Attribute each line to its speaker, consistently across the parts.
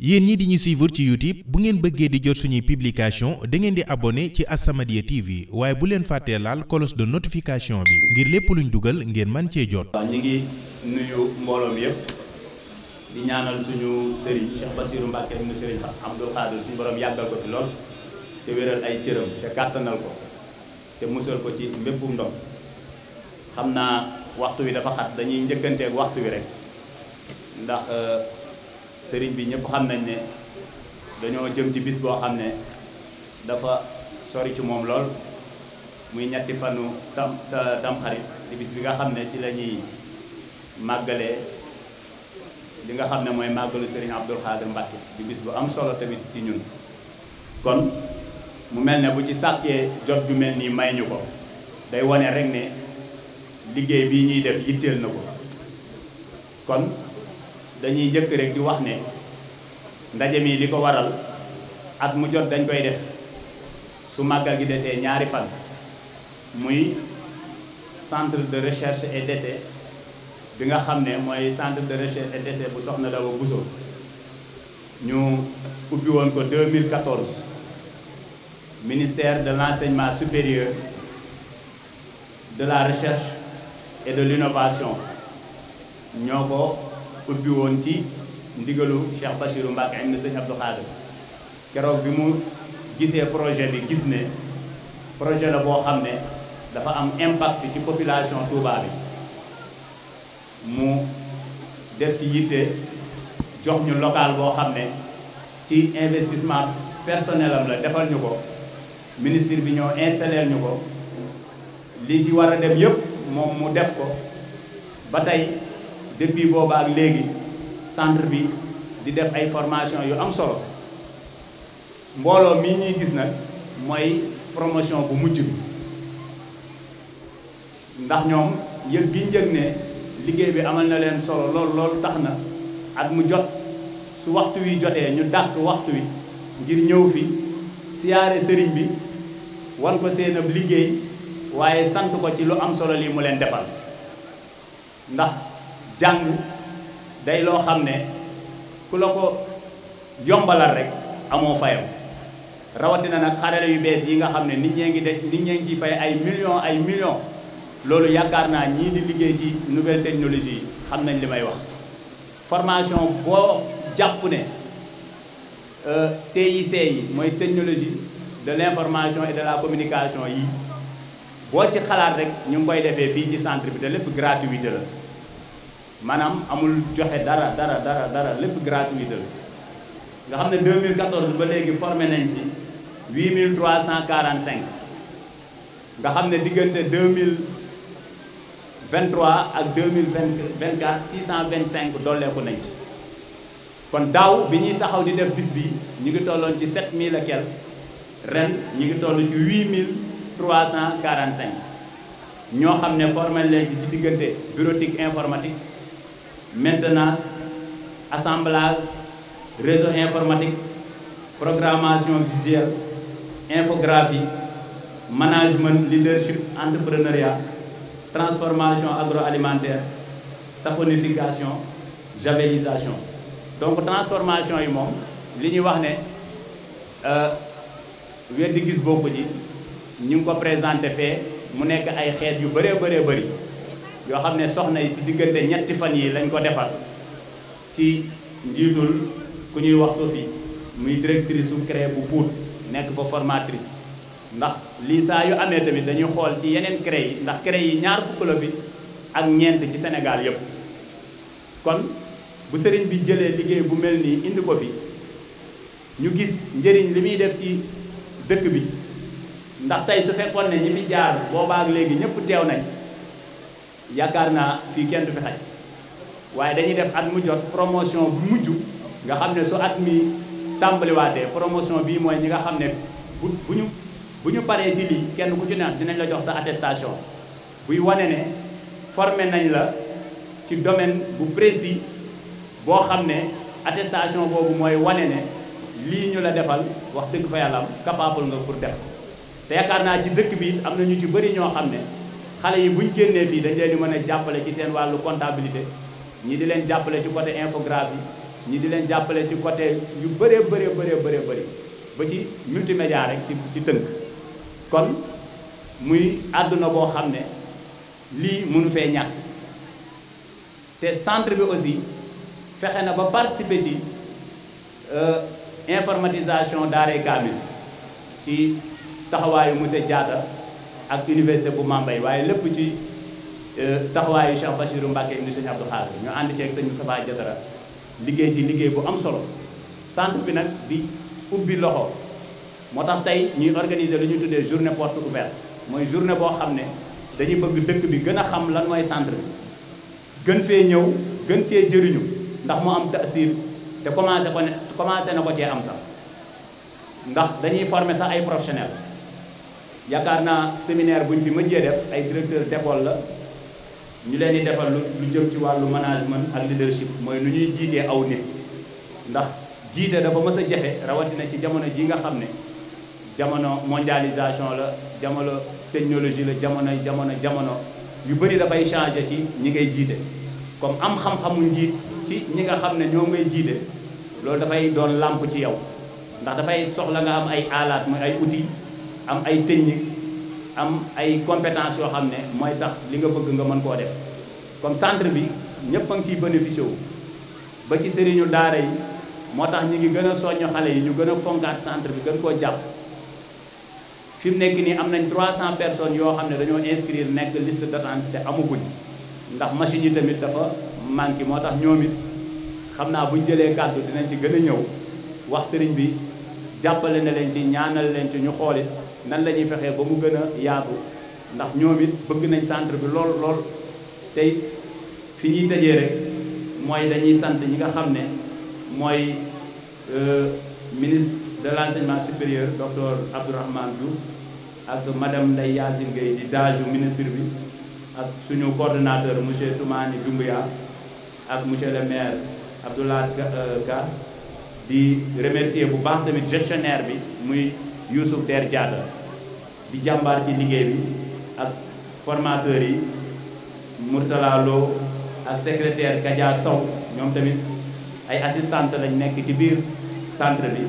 Speaker 1: yéen ñi di ñu suivre ci YouTube bu ngeen bëggee di jot suñuy publication da di abonné ci As-Samadiyya yi waaye bu leen fàttee laal cloche de notification bi ngir lépp luñ dugal ngeen man cee jot.
Speaker 2: waaw ñu ngi nuyu mbooloo mi yëpp di ñaanal suñu sëriñ Cheikh Bassirou Mbacké ibn Sëriñ Abdou Khadre suñu borom yàggal ko fi lool te wéral ay cëram te kàttanal ko te musal ko ci mbéppum ndox xam naa waxtu wi dafa xat dañuy njëkkanteeg waxtu wi rek euh, sëriñ bi ñëpp xam nañ ne dañoo jëm ci bis boo xam ne dafa sori ci moom lool muy ñetti fanu tam tamxarit di bis bi nga xam ne ci la ñuy màggalee li nga xam ne mooy màggalu sëriñ Abdul Xaadir Mbàkke di bis bu am solo tamit ci ñun kon mu mel ne bu ci sàkkee jot ju mel nii may ñu ko day wane rek ne liggéey bi ñuy def yitteel na ko kon dañuy jëkk rek di wax ne ndaje mi li ko waral at mu jot dañ koy def su màggal gi desee ñaari fan muy centre de recherche et d'essai bi nga xam ne mooy centre de recherche et d'essai bu Soxna Daba Bousso ñu ubbi woon ko 2014 ministère de l'enseignement supérieur de la recherche et de l'innovation ñoo ko bi woon ci ndigalu Cheikh Bachirou Mbacke am na sëñ Abdou Khadir keroog bi mu gisee projet bi gis ne projet la boo xam ne dafa am impact ci population Touba bi mu def ci yitte jox ñu local boo xam ne ci investissement personnel la defal ñu ko ministre bi ñoo installé ñu ko li ci war a dem yëpp moom mu def ko ba tey depuis booba ak léegi centre bi di def ay formation yu am solo mbooloo mi ñuy gis nag mooy promotion bu mujj bi ndax ñoom yëg gi ñu yëg ne liggéey bi amal na leen solo lool loolu tax na at mu jot su waxtu wi jotee ñu dàq waxtu wi ngir ñëw fi siyaare sëriñ bi wan ko séen ab liggéey waaye sant ko ci lu am solo lii mu leen defal ndax jàng day loo xam ne ku la ko yombalal rek amoo fayam rawatina nag xarale yu bees yi nga xam ne nit ñee ngi de nit ñee ngi ciy fay ay millions ay millions loolu yaakaar naa ñii di liggéey ci nouvelle technologie yi xam nañ li may wax formation boo jàpp ne euh, TIC yi mooy technologie de l'information et de la communication yi boo ci xalaat rek ñu ngi koy defee fii ci centre bi te lépp gratuité la maanaam amul joxe dara dara dara dara lépp gratuite la nga xam ne 2014 ba léegi formé nañ ci 8345 nga xam ne diggante 2023 ak 2024 625 dolleeku nañ ci kon daaw bi ñuy taxaw di def bis bi ñu ngi tolloon ci 7000 ak kel ren ñu ngi toll ci 8345 ñoo xam ne formé nañ ci ci diggante bureautique informatique maintenance assemblage réseau informatique programmation visuelle infographie management leadership entrepreneuriat transformation agroalimentaire saponification javellisation donc transformation yi moom li ñuy wax ne euh, weddi gis bokku ji ñu ngi ko présenté fee mu nekk ay xeet yu bëree bëree bëri yoo xam ne soxna yi si diggante ñetti fan yi lañ ko defar ci njiitul ku ñuy wax Sophie muy directrice su CREA bu Pout nekk fa formatrice ndax lii saa yu amee tamit dañuy xool ci yeneen CREA yi ndax CREA yi ñaar fukk la fi ak ñeent ci Sénégal yëpp kon bu sëriñ bi jëlee liggéey bu mel nii indi ko fi ñu gis njëriñ li muy def ci dëkk bi ndax tey su fekkoon ne ñi fi jaar boobaak léegi ñëpp teew nañ yaakaar naa fii kenn du fi waaye dañuy def at mu jot promotion bu mujj nga xam ne su at mi tàmbaliwaatee promotion bii mooy ñi nga xam ne bu ñu bu ñu paree ci lii kenn ku ci ne dinañ la jox sa attestation buy wane ne formé nañ la ci domaine bu précis boo xam ne attestation boobu mooy wane ne lii ñu la defal wax dëgg fa yàlla capable nga pour def ko te yaakaar naa ci dëkk bi am nañu ñu ci bëri ñoo xam ne. xale yi buñ génnee fii dañ leen di mën a jàppale ci seen wàllu comptabilité ñi di leen jàppale ci côté infographie ñi di leen jàppale ci côté yu bëree bëree bëree bëree bëri ba ci multimédia rek ci ci tënk kon muy àdduna boo xam ne lii mënu fee ñàkk te centre bi aussi fexe na ba participer ci euh, informatisation daaree kaamil ci taxawaayu monsieur Diatta ak université bu yi waaye lépp ci euh, taxawaayu Cheikh Bachirou Mbacke ibn Cheikh Abdou Khadre ñu ànd ceeg sëñ Moustapha Diatara liggéey ci liggéey bu am solo centre bi nag di ubbi loxo moo tax tey ñuy organiser lu ñu tuddee journée porte ouverte mooy journée boo xam ne dañuy bëgg dëkk bi gën a xam lan mooy centre bi gën fee ñëw gën cee jëriñu ndax mu am taasir te commencé ko ne commencé na ko cee am sax ndax dañuy former sax ay professionnels yaakaar naa seminaire bu ñu fi mëjjee def ay directeur d'école la ñu leen di defal lu jëm ci wàllu management ak leadership mooy nu ñuy jiitee aw nit ndax jiite dafa mës a jafe rawatina ci jamono jii nga xam ne jamono mondialisation la jamono technologie la jamono jamono jamono yu bëri dafay changé ci ñi ngay jiite comme am xam-xamu njiit ci ñi nga xam ne ñoo ngay jiite loolu dafay doon làmp ci yow ndax dafay soxla nga am ay alaat mooy ay outils am ay technique am ay compétence yoo xam ne mooy tax li nga bëgg nga mën koo def comme centre bi ñëpp a ngi ciy bénéficié wu ba ci sëriñu daara yi moo tax ñu ngi gën a soññ xale yi ñu gën a fonkaat centre bi gën koo jàpp fi nekk nii am nañ 300 personnes yoo xam ne dañoo inscrire nekk liste d'attente te amaguñ ndax machine yi tamit dafa manqué moo tax ñoom it xam naa buñ jëlee kàddu dinañ ci gën a ñëw wax sëriñ bi jàppale na leen ci ñaanal leen ci ñu xoolit nan la ñuy fexee ba mu gën a yaatu ndax ñoom it bëgg nañ centre bi lool lool tey fi ñuy tëjee rek mooy dañuy sant ñi nga xam ne mooy euh, ministre de l'enseignement supérieur docteur Abdourahmane Diouf ak madame Ndeye Yacine Gueye di daaju ministre bi ak suñu coordonnateur monsieur Toumani Doumbouya ak monsieur le maire Abdoulaye Ka euh, di remercier bu baax tamit gestionnaire bi muy Youssouf Der jaata di jàmbaar ci liggéey bi ak formateur yi Mourtala Lo ak secrétaire Kadia Sow ñoom tamit ay assistante lañ nekk ci biir centre bi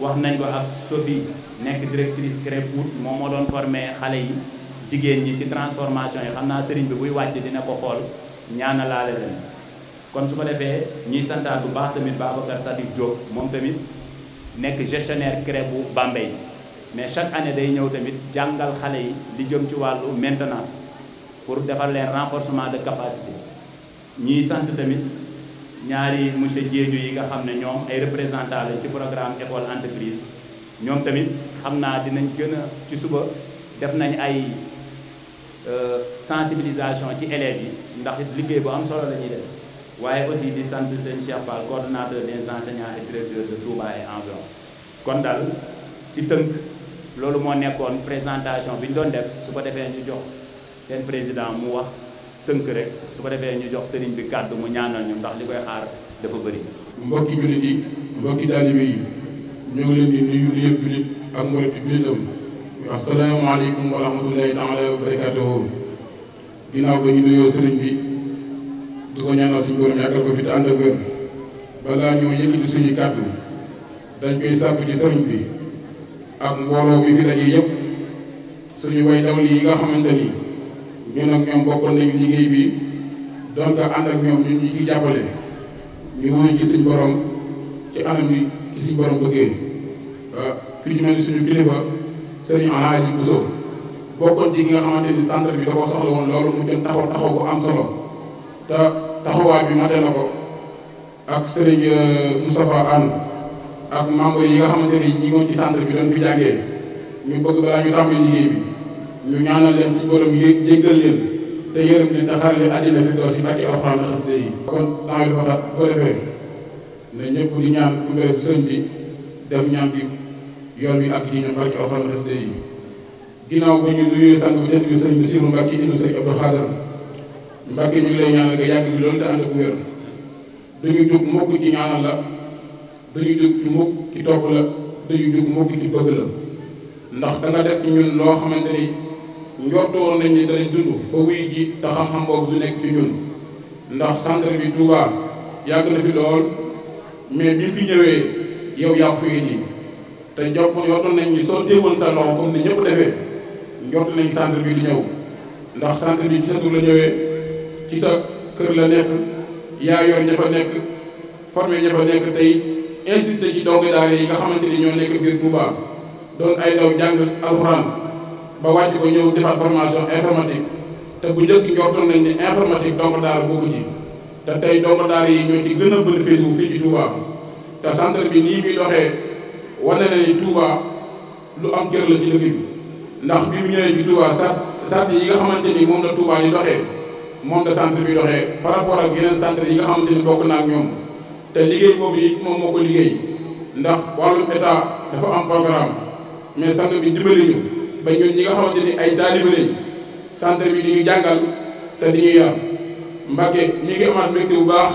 Speaker 2: wax nañ ko ak Sophie nekk directrice CREPOUT moom moo doon formé xale yi jigéen ñi ci transformation yi xam naa sëriñ bi buy wàcc dina ko xool ñaanalaale leen kon su ko defee ñuy santaat bu baax tamit Babacar Sadikh Diop moom tamit nekk gestionnaire bu Bambey mais chaque année day ñëw tamit jàngal xale yi li jëm ci wàllu maintenance pour defar leen renforcement de capacité ñuy sant tamit ñaari monsieur Diédiou yi nga xam ne ñoom ay représentants lañ ci programme école entreprise ñoom tamit xam naa dinañ gën ci suba def nañ ay euh, sensibilisation ci élèves yi ndax liggéey bu am solo la ñuy def waaye aussi di sant seen Cheikh Fall coordonnateur des enseignants et directeurs de Touba et environ kon daal ci tënk loolu moo nekkoon présentation bi ñu doon def su ko defee ñu jox seen président mu wax tënk rek su ko defee ñu jox sëriñ bi kàddu mu ñaanal ñu ndax li koy xaar dafa bëri.
Speaker 1: mbokki jullit yi mbokki taalibe bi ñu ngi leen di nuyu di yëpp jullit ak murit ba ñu nuyoo sëriñ bi di ko ñaanal suñu borom yàggal ko fi te ànd ak wér balaa ñoo yëkkati suñu kàddu dañ koy sàkku ci sëriñ bi. ak mbooloo mi fi daje yëpp suñu way dawli yi nga xamante ni ñun ak ñoom bokkoon nañu liggéey bi donc ànd ak ñoom ñun ñu ciy jàppale ñu wuyu ci borom ci anam bi ci borom bëggee ki ñu suñu kilifa sëriñ Alaaji Bousso bokkoon ci ki nga xamante ni centre bi da soxla woon loolu mu jël taxaw taxaw bu am solo te taxawaay bi mate na ko ak sëriñ euh, Moustapha Anne. ak membres yi nga xamante ni ñi ngoon ci centre bi doon fi jàngee ñu bëgg balaa ñu tàmbali liggéey bi ñu ñaanal leen suñu borom yé jéggal leen te yërëm leen te xaar leen fi doos yi bàkki alxuraan la xasida yi kon temps yi dafa def ñaan yoon bi ak yi ñoom ba ñu nuyoo sang bi tedd bi sëñ bi siiru mbàkki indi sëñ Abdou mbàkki ñu ngi lay nga yàgg fi loolu te ànd ak wér duñu jóg mukk ci ñaanal la dañu jóg ci mukk ci topp la dañu jóg mukk ci bëgg la ndax danga def ci ñun loo xamante ni njortoon nañ da di dund ba wuy ji te xam-xam boobu du nekk ci ñun ndax centre bi Touba yàgg na fi lool mais bi fi ñëwee yow yaa ko fi te jox ko njortoon nañ ni soo téewoon sa loxo comme ni ñëpp defee njort nañ centre bi du ñëw ndax centre bi ci sa tur la ñëwee ci sa kër la nekk yaa yor ña fa nekk formé ña fa nekk tey insisté ci dongo yi nga xamante ni ñoo nekk biir Touba doon ay ndaw jàng alxuraan ba wàcc ko ñëw defar formation informatique te bu njëkk njortoon nañ ne informatique dongo daara bokku ci te tey dongo yi ñoo ci gëna a bénéfice wu fii ci Touba te centre bi nii muy doxee wa na ni Touba lu am cër la ci dëkk bi ndax bi mu ñëwee ci Touba sat yi nga xamante ni moom la Touba di doxee moom la centre bi doxee par rapport yeneen centre yi nga xamante ni bokk naa ak ñoom te liggéey boobu it moom moo ko liggéey ndax wàllum état dafa am programme mais sang bi dimbali ñu ba ñi nga xamante ni ay taalibe lañ centre bi di ñu jàngal te di ñu yar Mbàkke ñu ngi amaat mbégte bu baax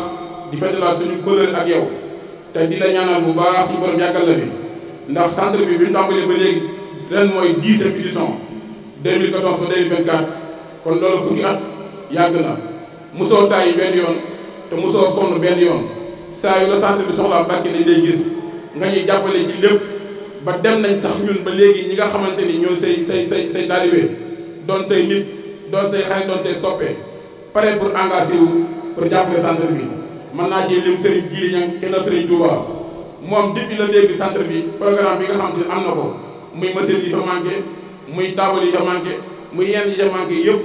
Speaker 1: di feddalaat suñu kóllëre ak yow te di la ñaanal bu baax suñu borom yàggal la ndax centre bi bi ñu tàmbalee ba léegi ren mooy dixième édition 2014 ba 2024 kon loolu fukki at yàgg na mosoo tàyyi benn yoon te mosoo sonn benn yoon. saa yu la santé bi soxlaa Mbàkke dañ lay gis nga ñuy jàppale ci lépp ba dem nañ sax ñun ba léegi ñi nga xamante ni ñoo say say say say taalibe doon say nit doon say xarit doon say soppe pare pour engagé wu pour jàppale centre bi mën naa ci lim Serigne Djili Niang kenn Serigne Touba moom depuis la dégg centre bi programme bi nga xam ne am na ko muy machine yi fa manqué muy taabal yi fa manqué muy yenn yi fa manqué yëpp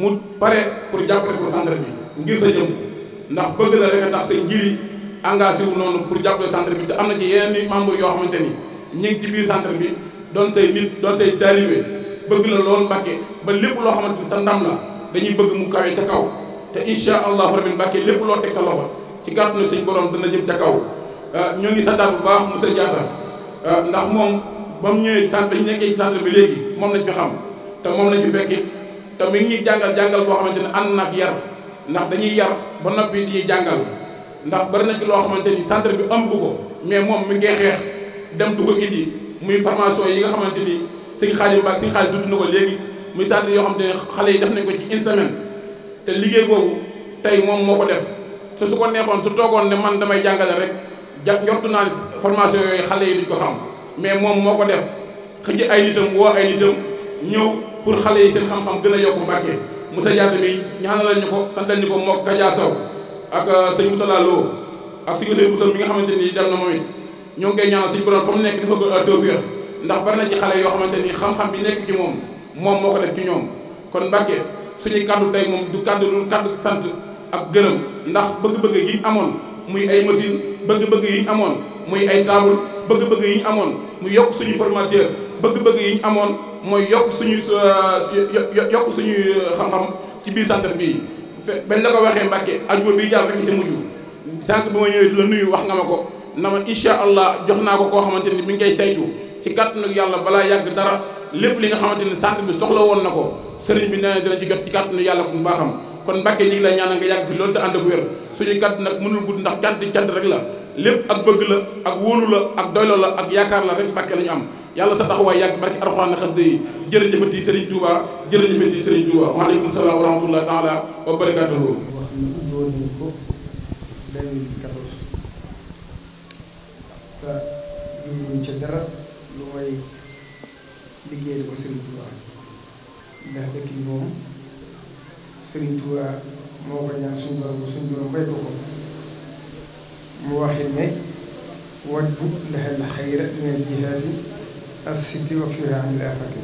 Speaker 1: mu pare pour jàppale pour centre bi ngir sa jëm ndax bëgg la rek ndax say njiri engagé wu noonu pour jàppale centre bi te am na ci yeneen i membre yoo xamante ni ñu ci biir centre bi doon say nit doon say taalibe bëgg la loolu Mbàkke ba lépp loo xamante ni sa ndam la dañuy bëgg mu kawe ca kaw te incha allahu rabbi Mbàkke lépp loo teg sa loxo ci kàttanu suñ borom dana jëm ca kaw euh, ñoo ngi santaat bu baax monsieur Diatta euh, ndax moom ba mu ñëwee centre bi ñu nekkee ci centre bi léegi moom lañ fi xam te moom lañ fi fekki te mi ngi ñuy jàngal jàngal boo xamante ne ànd na yar ndax dañuy yar ba noppi di jàngal ndax bari na ci loo xamante ni centre bi ëmb ko mais moom mi ngi dem du ko indi muy formation yi nga xamante ni sëñ Xaadim Mbakke sëñ Xaadim dudd na ko léegi muy centre yoo xamante ne xale yi def nañ ko ci une te liggéey boobu tey moom moo ko def te su ko neexoon su toogoon ne man damay jàngale rek ja njortu naa formation yooyu xale yi duñ ko xam mais moom moo ko def xëj ay nitam woo ay nitam ñëw pour xale yi seen xam gën a yokk Mbàkke Moussa Diatta mi ñaanal ñu ko santal ñu ko mook Kaja Sow ak euh, sëñ Moutala Lo ak sëñ Ousseynou Boussane mi nga xamante ni dem na moom ñoo ngi koy ñaanal suñu borom fa mu nekk dafa gën a tawfeex ndax bari na ci xale yoo xamante ni xam-xam bi nekk ci moom moom moo ko def ci ñoom kon Mbàkke suñu kaddu tey moom du kaddu lu kaddu sant ak gërëm ndax bëgg-bëgg yi amoon muy ay machine bëgg-bëgg yi amoon muy ay table bëgg-bëgg yi amoon muy yokk suñu formateur bëgg-bëgg yi amoon
Speaker 3: mooy yokk suñuy euh, yokk suñuy euh, xam-xam ci biir centre bii fe
Speaker 1: bañ la ko waxee Mbàkke ajuma bii jàll rek ci mujj sànq bi ma ñëwee di la nuyu wax nga ma ko na ma incha allah jox naa ko koo xamante ni mi ngi koy saytu ci kàttanu yàlla balaa yàgg dara lépp li nga xamante ni centre bi soxla woon na ko sëriñ bi nee na dina ci ci kàttanu yàlla ko bu baaxam kon Mbàkke ñu ngi lay ñaanal nga yàgg fi loolu te ànd ak wér suñu kàtt nag mënul gudd ndax cant cant rek la lépp ak bëgg la ak wóolu la ak doylo la ak yaakaar la rek Mbàkke la ñu am yàlla sa taxawaay yàgg barki alxuraan na xasida yi jërëjëfati Serigne Touba jërëjëfati Serigne Touba waaleykum salaam wa rahmatullah taala wa barakaatuhu.
Speaker 3: wax na woon nañu ko 2014 te jubluñ ca dara lu may liggéeyal ko Serigne Touba ndax dëkk bi moom Serigne Touba moo ko ñaan suñu borom suñu borom bay ko ko. mu waxit ne waddu laha al xayra min al jihaati as sitti wa fiha an al afati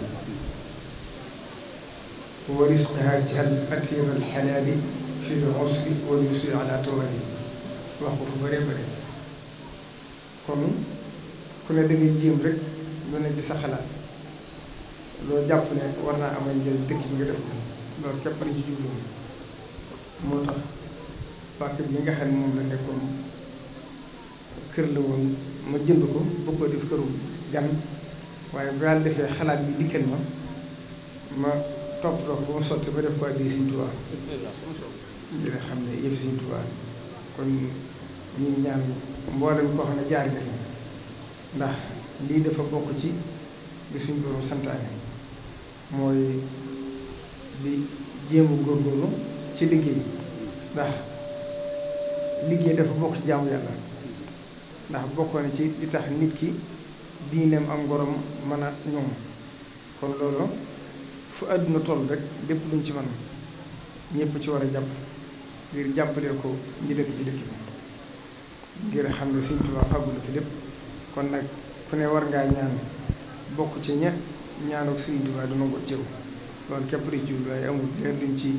Speaker 3: wa risqaha ci al atir al xalaali fi l usri wal yusri ala tawali wax ko fu bëree bëri kon ku ne dangay jéem rek lu ne sa xalaat loo jàpp ne war naa amal njëriñ dëkk bi nga def ko loolu képp nañ ci jublu moo tax pàcc bi nga xam ne moom la nekkoon kër la woon ma jënd ko bëgg def këru gan waaye bu defee xalaat bi dikkal ma ma topp ko ba mu sotti ba def ko addi Sëriñ Tuubaa dina xam ne yëpp Sëriñ Tuubaa kon ñu ngi ñaan mboolem koo xam ne jaar nga fi ndax lii dafa bokk ci bi suñ borom santaane mooy di jéem a góorgóorlu ci liggéey ndax liggéey dafa bokk ci jaamu yàlla ndax bokkoon na ci li tax nit ki diineem am ngorom mën a ñoom kon loolu fu àdduna toll rek lépp luñ ci mën ñëpp ci war a jàpp ngir jàppalee ko ñu dëkk ci dëkk bi ngir xam ne Sëñ Tuubaa fàggul fi lépp kon nag ku ne war ngaa ñaan bokk ci ña ñaanoog Sëñ Tuubaa du nangoo jëw loolu képp di jublu waaye amul leer luñ ci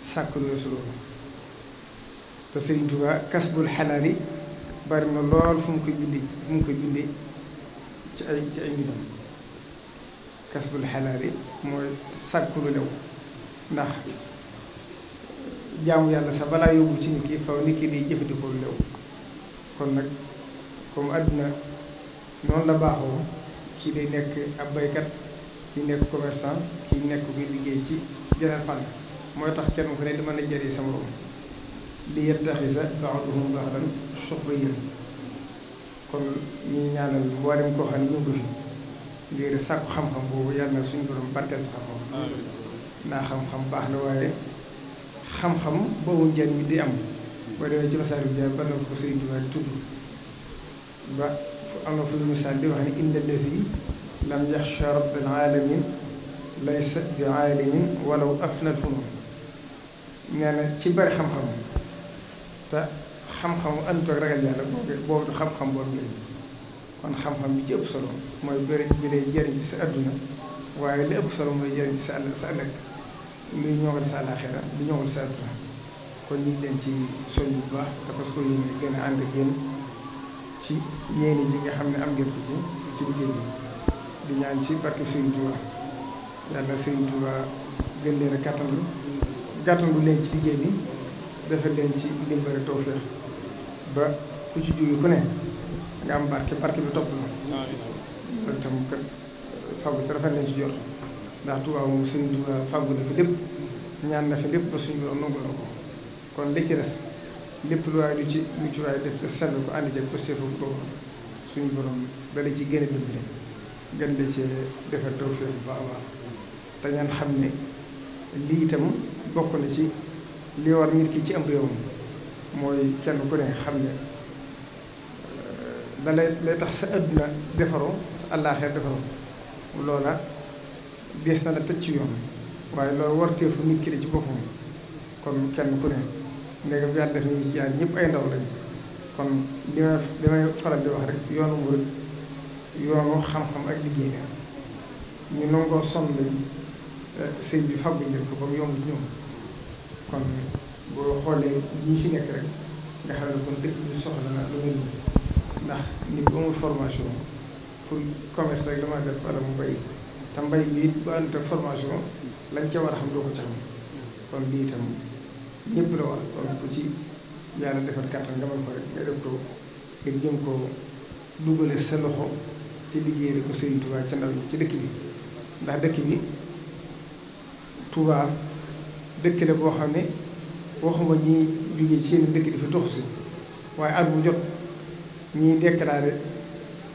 Speaker 3: sàkk lu weesu loolu te Sëñ Tuubaa kasbul xalaali bari na lool fu mu koy bindee fu mu koy bindee ci ay ci ay mbindam kasbul xalaali mooy sàkku lu lew ndax jaamu yàlla sa balaa yóbbu ci nit ki faw nit ki day jëfandikoo lu lew kon nag comme àdduna noonu la baaxoo kii day nekk ab baykat kii nekk commerçant kii nekk kuy liggéey ci jëneen fànn mooy tax kenn ku ne di mën a jëriñ sa morom li yettaxisa baaduhum baadan suxriyan kon ñu ñaanal mboolem koo xam ne ñu ngi ngir sàkku xam-xam boobu yàlla na suñu borom barkeel sa xam-xam naa xam-xam baax na waaye xam-xam boobu njëriñ di am boo demee ci masaaru jaay ba na ko Sëriñ Tuubaa di tudd ba am na fu misaal di wax ne inna si lam yaxsha rabbal alamin laysa bi alimin walaw afnal funun nee na ci bari xam-xam te xam-xamu àndut ak ragal yàlla boobu du xam-xam boobu njëriñ kon xam-xam bi ci ëpp solo mooy bëri bi lay jëriñ ci sa adduna waaye li ëpp solo mooy jëriñ ci sa àll sa ëllëg luy ñoŋal sa àllaaxira di sa kon ñu leen ci soñ bu baax dafa ko yéene gën a ànd ak yéen ci yéene ji nga xam ne am ngeen ko ci ci liggéey bi di ñaan ci barke Serigne Touba yàlla Serigne Touba gën leen a gàttandu gàttandu leen ci liggéey mi defal leen ci dimbali tawféex ba ku ci jóge ku ne nga am barke barke bi topp la loolu tam kat fàggu ci rafet nañ ci jot ndax Tuubaa moom suñu Tuubaa fàggu na fi lépp ñaan na fi lépp ba suñu borom nangu na ko kon li ci des lépp lu waaye lu ci mu ci waaye def te sell ko ànd ci posté foofu boobu suñu borom ci gën a dimbali gën la ci bu baax a baax te ngeen xam ne lii itam bokk na ci li war nit ki ci am réewam mooy kenn ku ne xam ne la euh, lay lay tax sa àdduna defaroo sa àllaaxeer defaroo loola dees na la tëj ci yoon waaye loolu warteefu nit ki la ci boppam kon kenn ku ne ndegam yàlla def ni jaar ñëpp ay ndaw lañ kon li may li faral di wax rek yoonu murit yoonu xam-xam ak liggéey la ñu nangoo sonn lañ euh, sëñ bi fàgguñ leen ko ba mu ñëw kon boo xoolee ñii fi nekk rek nga xam ne kon dëkk bi soxla na lu mel nii ndax nit bu amul formation pour commerce rek la def wala mu bay te mbay mi bu ànd ak formation lañ ca war a xam doo ko ca xam kon lii itam ñëpp la war ci yàlla defal kattan nga mën ko rek nga def ko ngir jëm ko dugale sa loxo ci liggéey ko Serigne Touba ca ndaw yi ci dëkk bi ndax dëkk bi Touba. dëkk la boo xam ne waxuma ñi jógee ci seen dëkk di fa tuxu si waaye at bu jot ñiy déclaré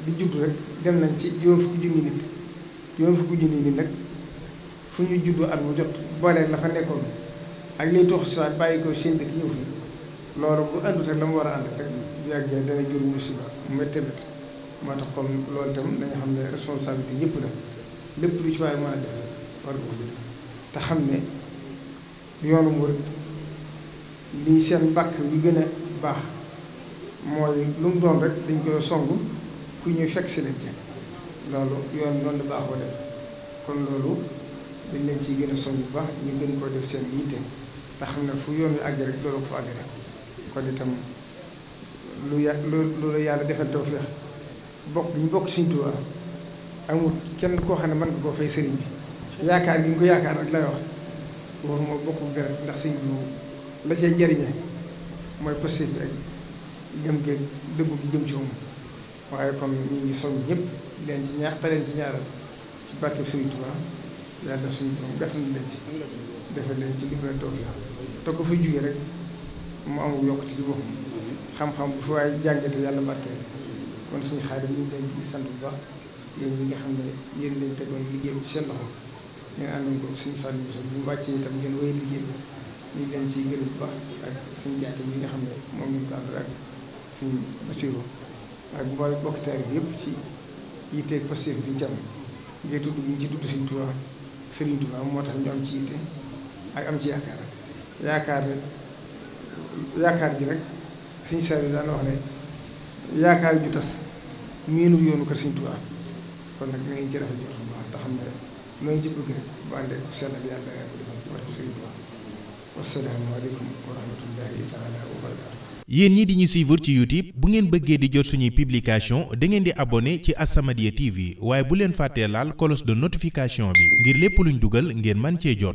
Speaker 3: di judd rek dem nañ ci juróom fukki junni nit juróom fukki junni nit nag fu ñu juddu at bu jot booleel la fa nekkoon ak liy tuxu si waat bàyyi ko seen dëkk ñëw fi loolu bu àndut ak la mu war a ànd rek bu yàggee dana jur musiba mu métti métti moo tax kon loolu itam dañu xam ne responsabilité yëpp la lépp lu ci waaye mën def war nga ko jël te xam yoonu murit lii seen bàkk bi gën a baax mooy lu mu doon rek dañ koy song ku ñuy fekk si leen ci loolu yoon noonu la baaxoo def kon loolu dañ nekk ci gën a song bu baax ñu gën koo def seen yitte te xam ne fu yoon wi àgg rek loolu ko fa àgg rek kon itam lu ya lu la yàlla defal tawféex bokk ñu bokk Sëriñ Tuubaa amul kenn koo xam ne mën nga koo fay sëriñ bi yaakaar gi nga ko yaakaar rek lay wax boobu moo bokkul deret ndax sëñ bi la cee jariñe mooy posté bi ak gëm gi dëggu gi jëm ci moom waaye kon ñu ngi soñ ñëpp leen ci ñaax te leen ci ñaaral ci barkeb Sëriñ Tuubaa yàlla suñu borom gàttandu leen ci defal leen ci libéré tawfiq te ko fa jugee rek mu amul yokkute ci boppam xam-xam bu fi waaye jàngate yàlla barkeel kon suñu xaalis ñu ngi sant bu baax yéen ñi nga xam ne yéen lañ tegoon liggéey ci seen loxo ngeen àndoon ko suñu fànn bu bu mu wàccee itam ngeen wéy liggéey bi ñu ngi leen ciy ak suñu jaate bi nga xam ne moom ngeen ko àndal ak ak bu bokk taari bi yëpp ci yitteeg pastéef bi ñu ci am ngay tudd gi ñu ci tudd Sëriñ moo tax ñu am ci yitte ak am ci yaakaar yaakaar yaakaar ji rek suñu saa yi daan wax ne yaakaar ju tas miinu yoonu kër Sëriñ Tuubaa kon nag na ngeen ci rafet jot bu baax te xam ne noonu jëpp
Speaker 1: ñi di ñu suivre ci YouTube bu ngeen bëggee di jot suñuy publication da ngeen di abonné ci As-Samadiyya TV waaye bu leen fàttee laal cloche de notification bi ngir lépp luñ dugal ngeen man cee jot